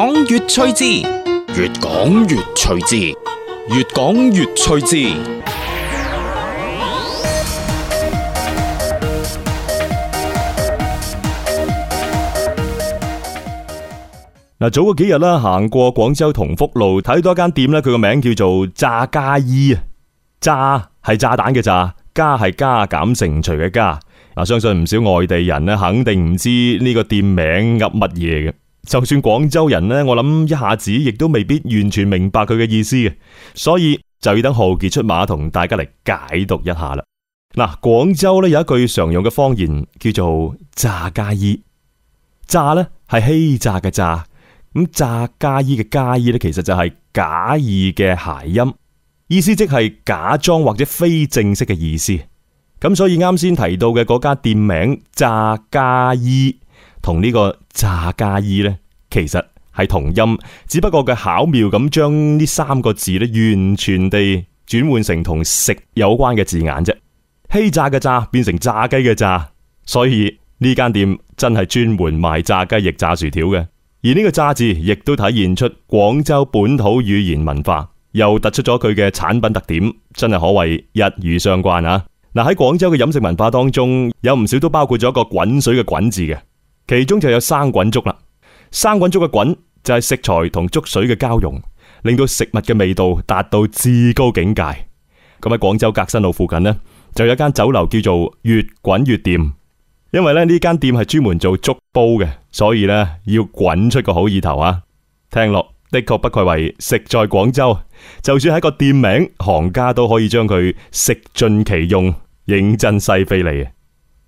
講越趣字，越講越趣字，越講越趣字。嗱，早嗰幾日啦，行過廣州同福路，睇到一間店咧，佢個名叫做炸加衣啊。炸係炸彈嘅炸，加係加減乘除嘅加。嗱，相信唔少外地人咧，肯定唔知呢個店名噏乜嘢嘅。就算廣州人呢，我諗一下子亦都未必完全明白佢嘅意思嘅，所以就要等浩杰出馬同大家嚟解讀一下啦。嗱，廣州呢有一句常用嘅方言叫做詐加衣，詐呢係欺詐嘅詐，咁詐加衣嘅加衣呢，其實就係假意嘅諧音，意思即係假裝或者非正式嘅意思。咁所以啱先提到嘅嗰家店名詐加衣，同呢、呢個炸加衣呢，其實係同音，只不過佢巧妙咁將呢三個字咧，完全地轉換成同食有關嘅字眼啫。欺詐嘅詐變成炸雞嘅炸，所以呢間店真係專門賣炸雞翼、炸薯條嘅。而呢個炸字亦都體現出廣州本土語言文化，又突出咗佢嘅產品特點，真係可謂一語雙關啊！嗱、啊，喺廣州嘅飲食文化當中，有唔少都包括咗一個滾水嘅滾字嘅。其中就有生滾粥啦，生滾粥嘅滾就係食材同粥水嘅交融，令到食物嘅味道達到至高境界。咁喺廣州革新路附近呢，就有一間酒樓叫做「越滾越店」。因為咧呢間店係專門做粥煲嘅，所以呢要滾出個好意頭啊！聽落的確不愧為食在廣州，就算喺個店名，行家都可以將佢食盡其用，認真犀飛利啊！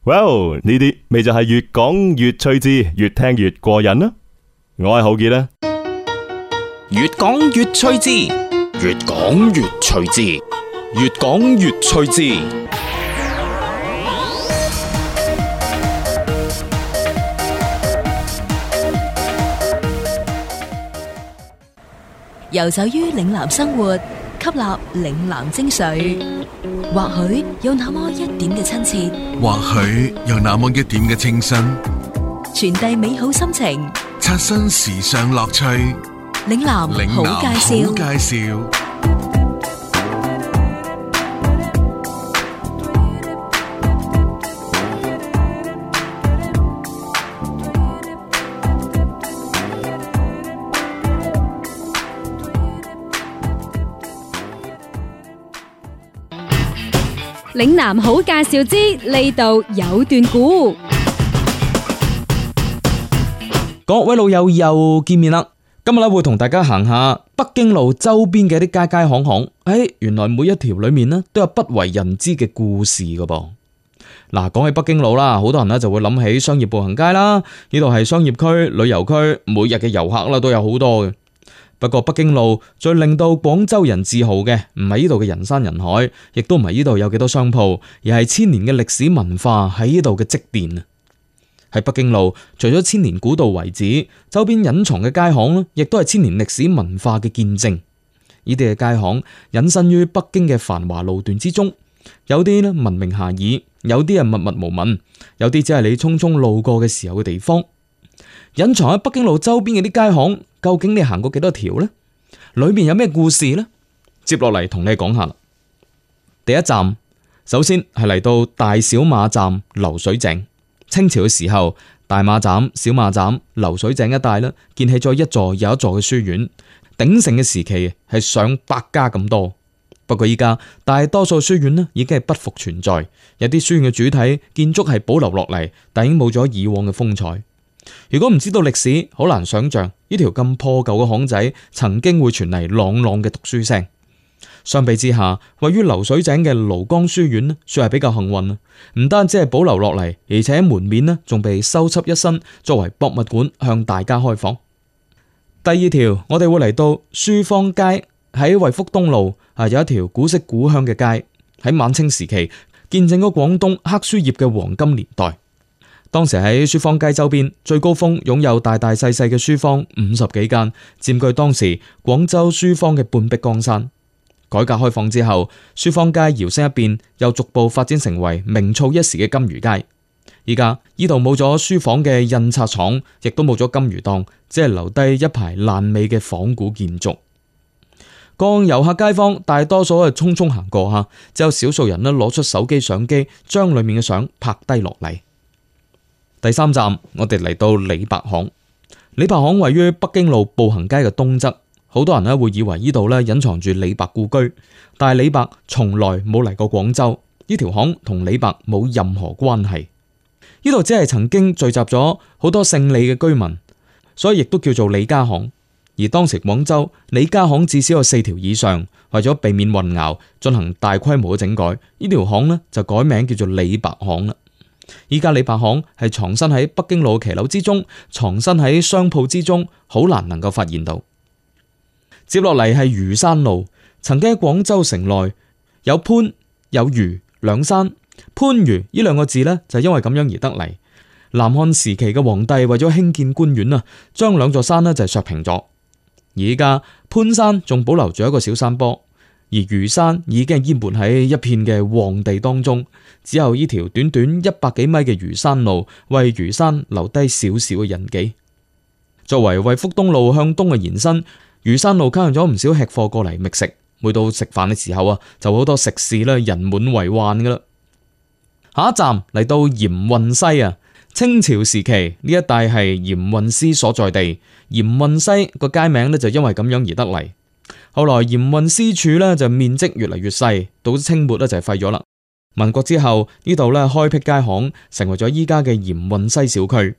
哇哦！呢啲咪就係越講越趣致，越聽越過癮囉！我係浩杰啦，越講越趣致，越講越趣致，越講越趣致，游走於嶺南生活。吸納嶺南精髓，或許有那麼一點嘅親切，或許有那麼一點嘅清新，傳遞美好心情，刷新時尚樂趣。嶺南好介紹，好介紹。嶺南好介紹之，呢度有段古。各位老友又見面啦，今日咧會同大家行下北京路周邊嘅啲街街巷巷。誒，原來每一條裏面咧都有不為人知嘅故事噶噃。嗱，講起北京路啦，好多人咧就會諗起商業步行街啦，呢度係商業區、旅遊區，每日嘅遊客啦都有好多嘅。不過北京路最令到廣州人自豪嘅，唔係呢度嘅人山人海，亦都唔係呢度有幾多商鋪，而係千年嘅歷史文化喺呢度嘅積澱啊！喺北京路，除咗千年古道遺址，周邊隱藏嘅街巷亦都係千年歷史文化嘅見證。呢啲嘅街巷隱身於北京嘅繁華路段之中，有啲咧聞名遐邇，有啲係默默無聞，有啲只係你匆匆路過嘅時候嘅地方。隱藏喺北京路周邊嘅啲街巷，究竟你行過幾多條呢？裏面有咩故事呢？接落嚟同你講下。第一站，首先係嚟到大小馬站流水井。清朝嘅時候，大馬站、小馬站、流水井一帶呢，建起咗一座又一座嘅書院。鼎盛嘅時期係上百家咁多。不過依家大多數書院呢已經係不復存在，有啲書院嘅主體建築係保留落嚟，但已經冇咗以往嘅風采。如果唔知道歷史，好難想象呢條咁破舊嘅巷仔曾經會傳嚟朗朗嘅讀書聲。相比之下，位於流水井嘅廬江書院算係比較幸運啦。唔單止係保留落嚟，而且門面呢仲被修葺一新，作為博物館向大家開放。第二條，我哋會嚟到書坊街，喺惠福東路啊有一條古色古香嘅街，喺晚清時期見證咗廣東黑書業嘅黃金年代。當時喺書坊街周邊最高峰，擁有大大細細嘅書坊五十幾間，佔據當時廣州書坊嘅半壁江山。改革開放之後，書坊街搖身一變，又逐步發展成為名噪一時嘅金魚街。依家呢度冇咗書坊嘅印刷廠，亦都冇咗金魚檔，只係留低一排爛尾嘅仿古建築。各遊客街坊大多數係匆匆行過，吓，只有少數人咧攞出手機相機，將裏面嘅相拍低落嚟。第三站，我哋嚟到李白巷。李白巷位於北京路步行街嘅東側，好多人咧會以為呢度咧隱藏住李白故居，但係李白從來冇嚟過廣州。呢條巷同李白冇任何關係，呢度只係曾經聚集咗好多姓李嘅居民，所以亦都叫做李家巷。而當時廣州李家巷至少有四條以上，為咗避免混淆，進行大規模嘅整改，呢條巷呢，就改名叫做李白巷啦。依家李白巷係藏身喺北京路騎樓之中，藏身喺商鋪之中，好難能夠發現到。接落嚟係禺山路，曾經喺廣州城內有番有禺兩山，番禺呢兩個字呢，就因為咁樣而得嚟。南漢時期嘅皇帝為咗興建官苑啊，將兩座山呢就削平咗。而家番山仲保留住一個小山坡。而魚山已經淹沒喺一片嘅旺地當中，只有呢條短短一百幾米嘅魚山路為魚山留低少少嘅印記。作為惠福東路向東嘅延伸，魚山路吸引咗唔少吃貨過嚟覓食。每到食飯嘅時候啊，就好多食肆啦，人滿為患噶啦。下一站嚟到鹽運西啊，清朝時期呢一帶係鹽運司所在地，鹽運西個街名呢就因為咁樣而得嚟。後來鹽運司署咧就面積越嚟越細，到清末咧就廢咗啦。民國之後呢度咧開闢街巷，成為咗依家嘅鹽運西小區。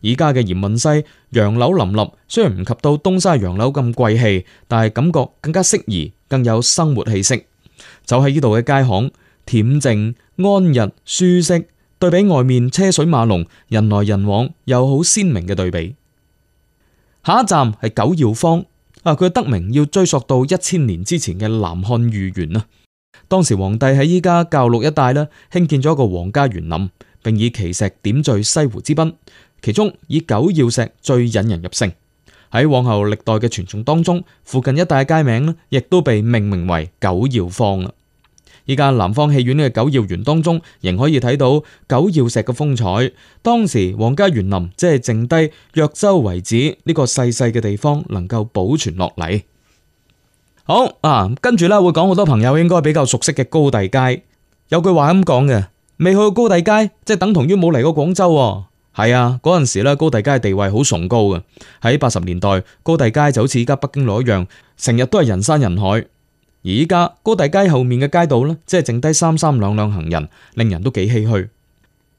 依家嘅鹽運西洋樓林立，雖然唔及到東山洋樓咁貴氣，但係感覺更加適宜，更有生活氣息。走喺呢度嘅街巷恬靜、安逸、舒適，對比外面車水馬龍、人來人往，又好鮮明嘅對比。下一站係九曜坊。啊！佢嘅得名要追溯到一千年之前嘅南漢御園啦。當時皇帝喺依家教育一帶啦，興建咗一個皇家園林，並以奇石點綴西湖之濱，其中以九曜石最引人入勝。喺往後歷代嘅傳頌當中，附近一帶街名咧，亦都被命名為九曜坊啦。依家南方戲院嘅九曜園當中，仍可以睇到九曜石嘅風采。當時皇家園林即係剩低藥洲遺址呢個細細嘅地方，能夠保存落嚟。好啊，跟住咧會講好多朋友應該比較熟悉嘅高第街。有句話咁講嘅，未去過高第街，即係等同於冇嚟過廣州喎。係啊，嗰陣時咧高第街嘅地位好崇高嘅。喺八十年代，高第街就好似依家北京路一樣，成日都係人山人海。而家高第街後面嘅街道呢，即係剩低三三兩兩行人，令人都幾唏噓。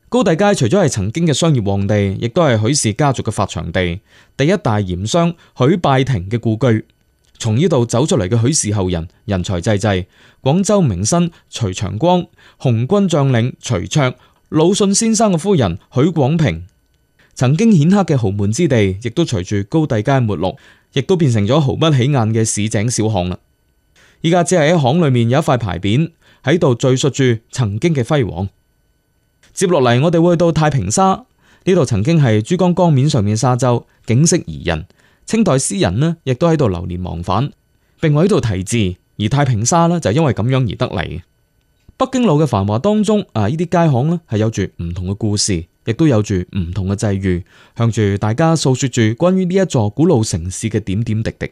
高第街除咗係曾經嘅商業旺地，亦都係許氏家族嘅發祥地，第一大鹽商許拜庭嘅故居。從呢度走出嚟嘅許氏後人，人才濟濟。廣州名紳徐長光、紅軍將領徐卓、魯迅先生嘅夫人許廣平，曾經顯赫嘅豪門之地，亦都隨住高第街沒落，亦都變成咗毫不起眼嘅市井小巷啦。依家只係喺巷裏面有一塊牌匾喺度敘述住曾經嘅輝煌。接落嚟，我哋會去到太平沙呢度，曾經係珠江江面上面沙洲，景色宜人。清代詩人呢亦都喺度流連忘返，並喺度題字。而太平沙呢，就因為咁樣而得嚟。北京路嘅繁華當中啊，呢啲街巷呢，係有住唔同嘅故事，亦都有住唔同嘅際遇，向住大家訴說住關於呢一座古老城市嘅點點滴滴。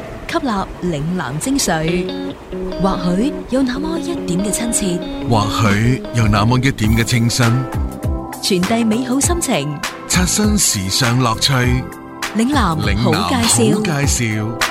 吸納嶺南精髓，或許有那麼一點嘅親切，或許有那麼一點嘅清新，傳遞美好心情，刷新時尚樂趣。嶺南好介紹，嶺南好介紹。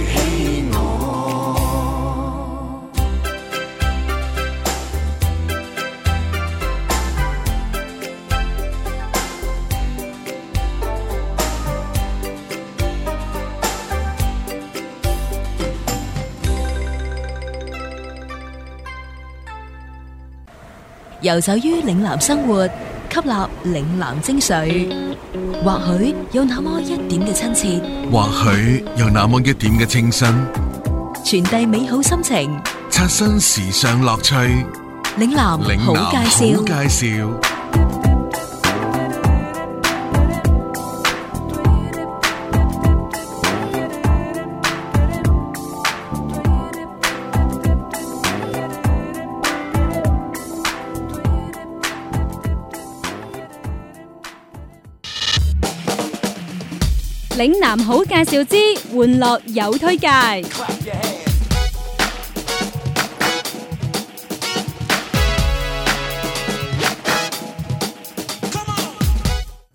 遊走於嶺南生活，吸納嶺南精髓，或許有那麼一點嘅親切，或許有那麼一點嘅清新，傳遞美好心情，刷新時尚樂趣。嶺南好介紹。嶺南好介紹之，玩樂有推介。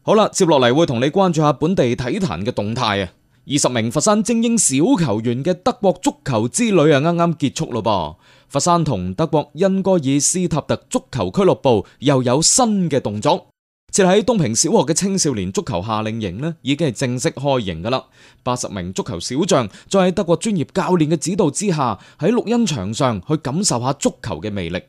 好啦，接落嚟會同你關注下本地體壇嘅動態啊。二十名佛山精英小球員嘅德國足球之旅啊，啱啱結束咯噃。佛山同德國因戈爾斯塔特足球俱樂部又有新嘅動作。設喺東平小學嘅青少年足球夏令營咧，已經係正式開營噶啦。八十名足球小將，在喺德國專業教練嘅指導之下，喺綠茵場上去感受下足球嘅魅力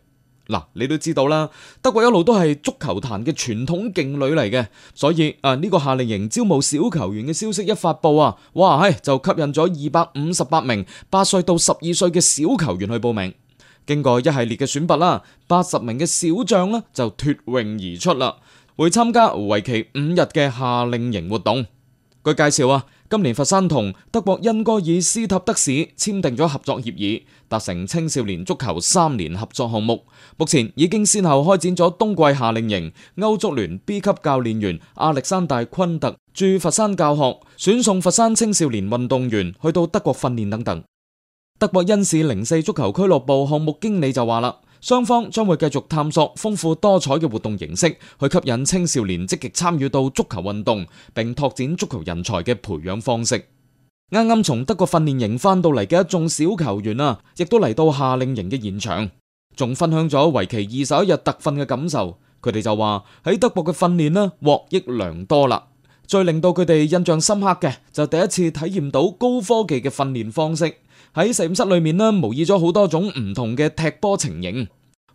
嗱、啊。你都知道啦，德國一路都係足球壇嘅傳統勁旅嚟嘅，所以啊，呢、這個夏令營招募小球員嘅消息一發布啊，哇，係就吸引咗二百五十八名八歲到十二歲嘅小球員去報名。經過一系列嘅選拔啦，八十名嘅小將呢就脫穎而出啦。會參加為期五日嘅夏令營活動。據介紹啊，今年佛山同德國因戈爾斯塔德市簽訂咗合作協議，達成青少年足球三年合作項目。目前已經先後開展咗冬季夏令營、歐足聯 B 級教練員亞歷山大·昆特駐佛山教學、選送佛山青少年運動員去到德國訓練等等。德國因市零四足球俱樂部項目經理就話啦。雙方將會繼續探索豐富多彩嘅活動形式，去吸引青少年積極參與到足球運動，並拓展足球人才嘅培養方式。啱啱從德國訓練營翻到嚟嘅一眾小球員啊，亦都嚟到夏令營嘅現場，仲分享咗為期二十一日特訓嘅感受。佢哋就話喺德國嘅訓練啦，獲益良多啦。最令到佢哋印象深刻嘅，就第一次體驗到高科技嘅訓練方式。喺實驗室裏面啦，模擬咗好多種唔同嘅踢波情形。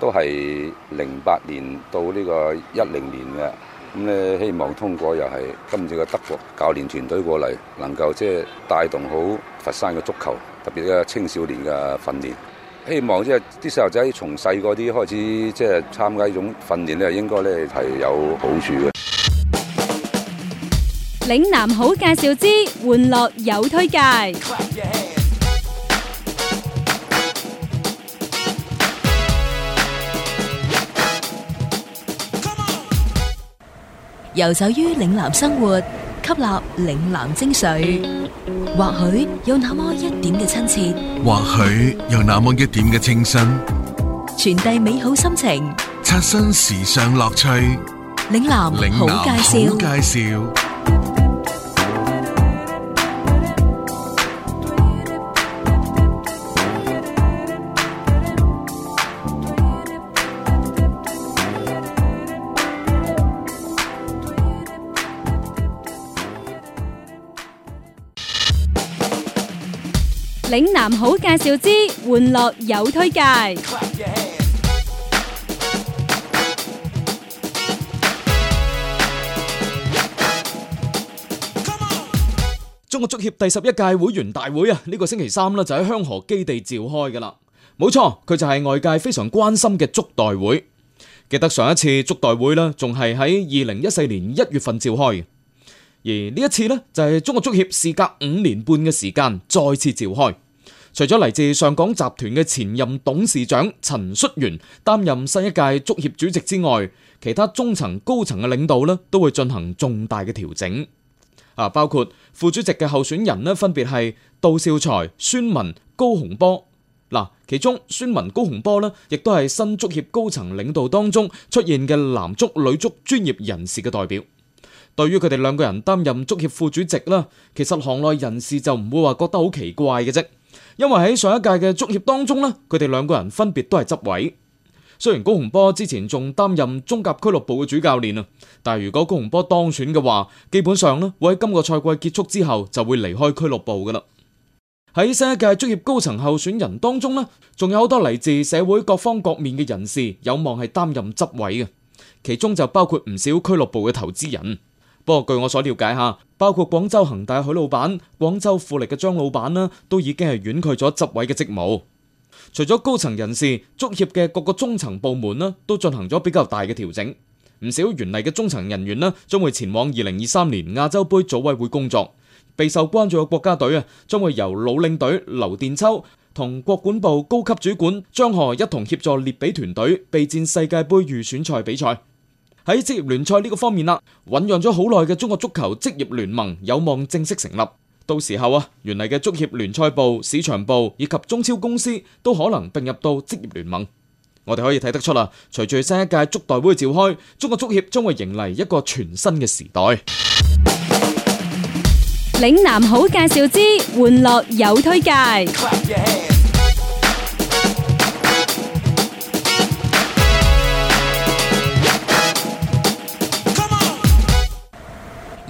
都係零八年到呢個一零年嘅，咁咧希望通過又係今次嘅德國教練團隊過嚟，能夠即係帶動好佛山嘅足球，特別呢個青少年嘅訓練。希望即係啲細路仔從細個啲開始，即係參加呢種訓練咧，應該咧係有好處嘅。嶺南好介紹之，玩樂有推介。遊走於嶺南生活，吸納嶺南精髓，或許有那麼一點嘅親切，或許有那麼一點嘅清新，傳遞美好心情，刷新時尚樂趣。嶺南好介紹。嶺南好介紹之，玩樂有推介。中國足協第十一屆會員大會啊，呢個星期三啦，就喺香河基地召開噶啦。冇錯，佢就係外界非常關心嘅足代會。記得上一次足代會咧，仲係喺二零一四年一月份召開嘅，而呢一次咧，就係中國足協事隔五年半嘅時間再次召開。除咗嚟自上港集團嘅前任董事長陳戌源擔任新一屆足協主席之外，其他中層高層嘅領導咧都會進行重大嘅調整啊，包括副主席嘅候選人咧，分別係杜兆才、孫雯、高洪波嗱。其中孫雯、高洪波咧，亦都係新足協高層領導當中出現嘅男足、女足專業人士嘅代表。對於佢哋兩個人擔任足協副主席啦，其實行內人士就唔會話覺得好奇怪嘅啫。因為喺上一屆嘅足協當中呢，佢哋兩個人分別都係執委。雖然高洪波之前仲擔任中甲俱樂部嘅主教練啊，但係如果高洪波當選嘅話，基本上呢，會喺今個賽季結束之後就會離開俱樂部噶啦。喺新一屆足協高層候選人當中呢，仲有好多嚟自社會各方各面嘅人士有望係擔任執委嘅，其中就包括唔少俱樂部嘅投資人。不過據我所了解吓，包括廣州恒大許老闆、廣州富力嘅張老闆呢，都已經係婉拒咗執委嘅職務。除咗高層人士，足協嘅各個中層部門呢，都進行咗比較大嘅調整。唔少原嚟嘅中層人員呢，將會前往二零二三年亞洲杯組委會工作。備受關注嘅國家隊啊，將會由老領隊劉殿秋同國管部高級主管張河一同協助列比團隊備戰世界杯預選賽比賽。喺職業聯賽呢個方面啦，醞釀咗好耐嘅中國足球職業聯盟有望正式成立。到時候啊，原嚟嘅足協聯賽部、市場部以及中超公司都可能併入到職業聯盟。我哋可以睇得出啦，隨住新一屆足代會召開，中國足協將會迎嚟一個全新嘅時代。嶺南好介紹之，玩樂有推介。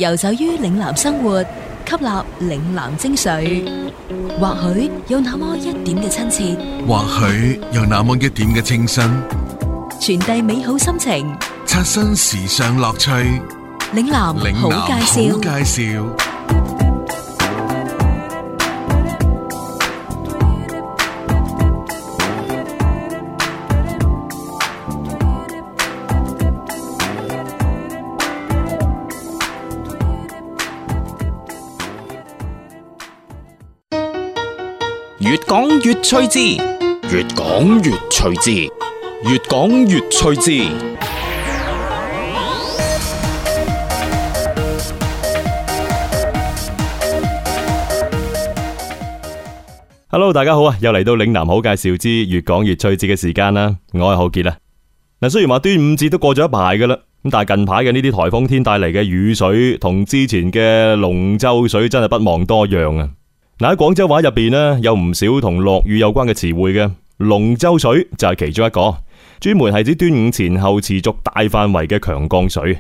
遊走於嶺南生活，吸納嶺南精髓，或許有那麼一點嘅親切，或許有那麼一點嘅清新，傳遞美好心情，刷新時尚樂趣。嶺南好介紹，嶺南好介紹。越趣致，越講越趣致，越講越趣致。Hello，大家好啊，又嚟到嶺南好介紹之越講越趣致嘅時間啦，我係浩杰啊。嗱，雖然話端午節都過咗一排噶啦，咁但係近排嘅呢啲台風天帶嚟嘅雨水同之前嘅龍舟水真係不遑多讓啊！嗱喺廣州話入邊咧，有唔少同落雨有關嘅詞彙嘅，龍舟水就係其中一個，專門係指端午前後持續大範圍嘅強降水。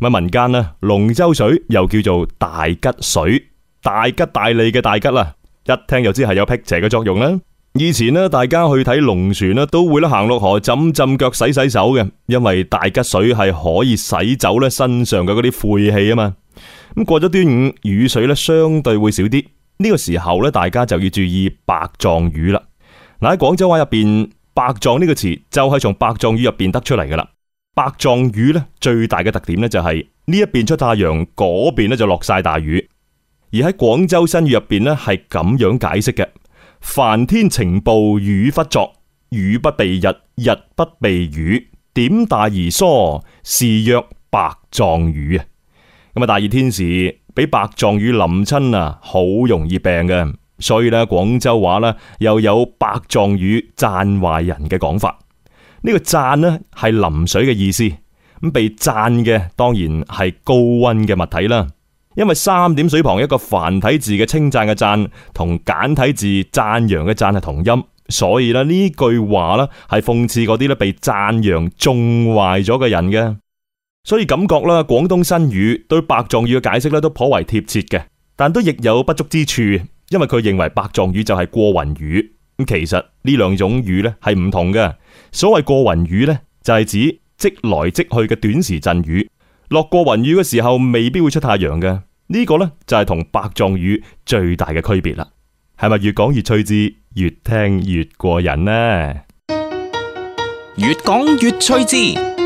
咁民間咧，龍舟水又叫做大吉水，大吉大利嘅大吉啦，一聽就知係有辟邪嘅作用啦。以前咧，大家去睇龍船咧，都會咧行落河浸浸腳、洗洗手嘅，因為大吉水係可以洗走咧身上嘅嗰啲晦氣啊嘛。咁過咗端午，雨水咧相對會少啲。呢個時候咧，大家就要注意白撞雨啦。嗱喺廣州話入邊，白撞呢個詞就係從白撞雨入邊得出嚟嘅啦。白撞雨呢最大嘅特點呢，就係呢一邊出太陽，嗰邊咧就落晒大雨。而喺廣州新語入邊呢，係咁樣解釋嘅：凡天晴，暴雨忽作，雨不避日，日不避雨，點大而疏，是曰白撞雨啊。咁啊，大熱天時。俾白撞雨淋親啊，好容易病嘅，所以咧廣州話咧又有白撞雨讚壞人嘅講法。呢個讚呢係淋水嘅意思，咁被讚嘅當然係高溫嘅物體啦。因為三點水旁一個繁體字嘅稱讚嘅讚，同簡體字讚揚嘅讚係同音，所以咧呢句話咧係諷刺嗰啲咧被讚揚中壞咗嘅人嘅。所以感覺啦，廣東新語對白撞雨嘅解釋咧都頗為貼切嘅，但都亦有不足之處，因為佢認為白撞雨就係過雲雨。咁其實呢兩種雨呢係唔同嘅。所謂過雲雨呢，就係指即來即去嘅短時陣雨。落過雲雨嘅時候，未必會出太陽嘅。呢個呢，就係同白撞雨最大嘅區別啦。係咪越講越趣致，越聽越過癮呢、啊？越講越趣致。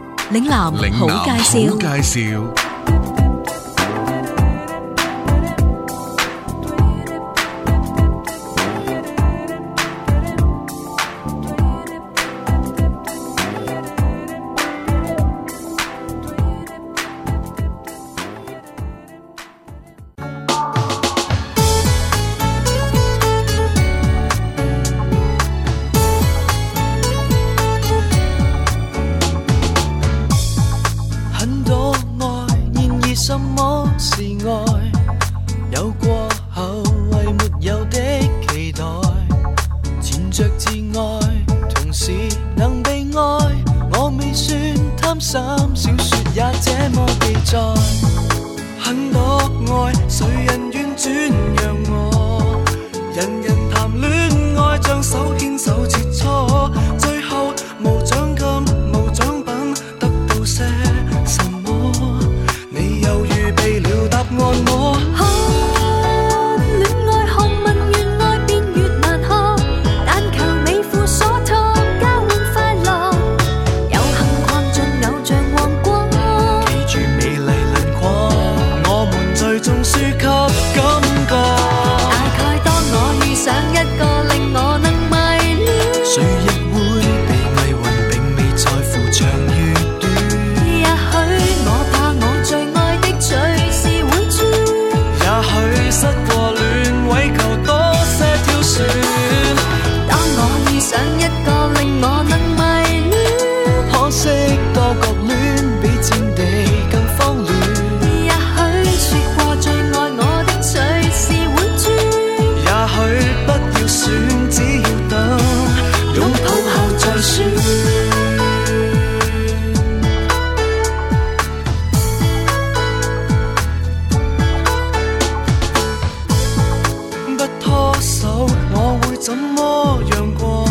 嶺南好介紹。怎麼樣過？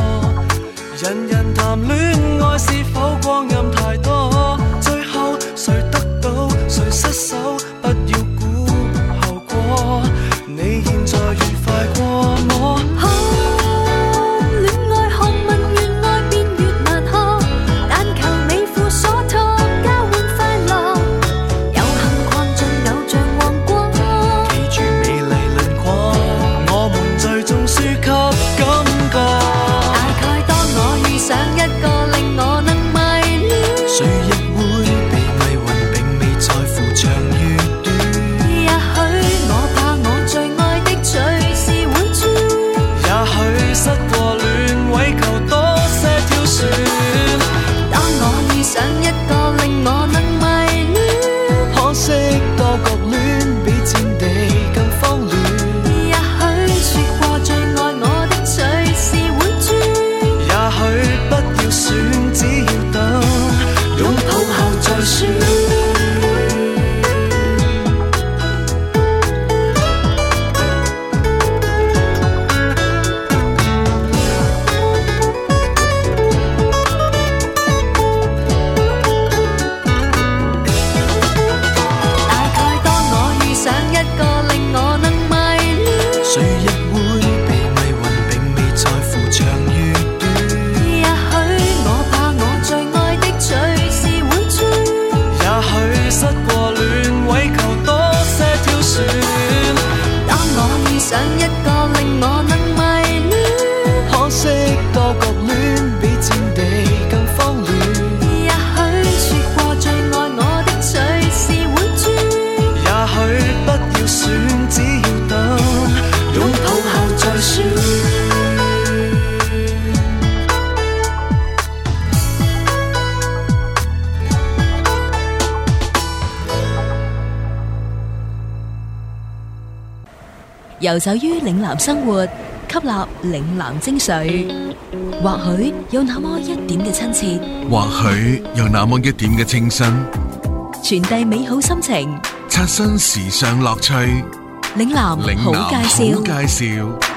遊走於嶺南生活，吸納嶺南精髓，或許有那麼一點嘅親切，或許有那麼一點嘅清新，傳遞美好心情，刷新時尚樂趣，嶺南好介紹。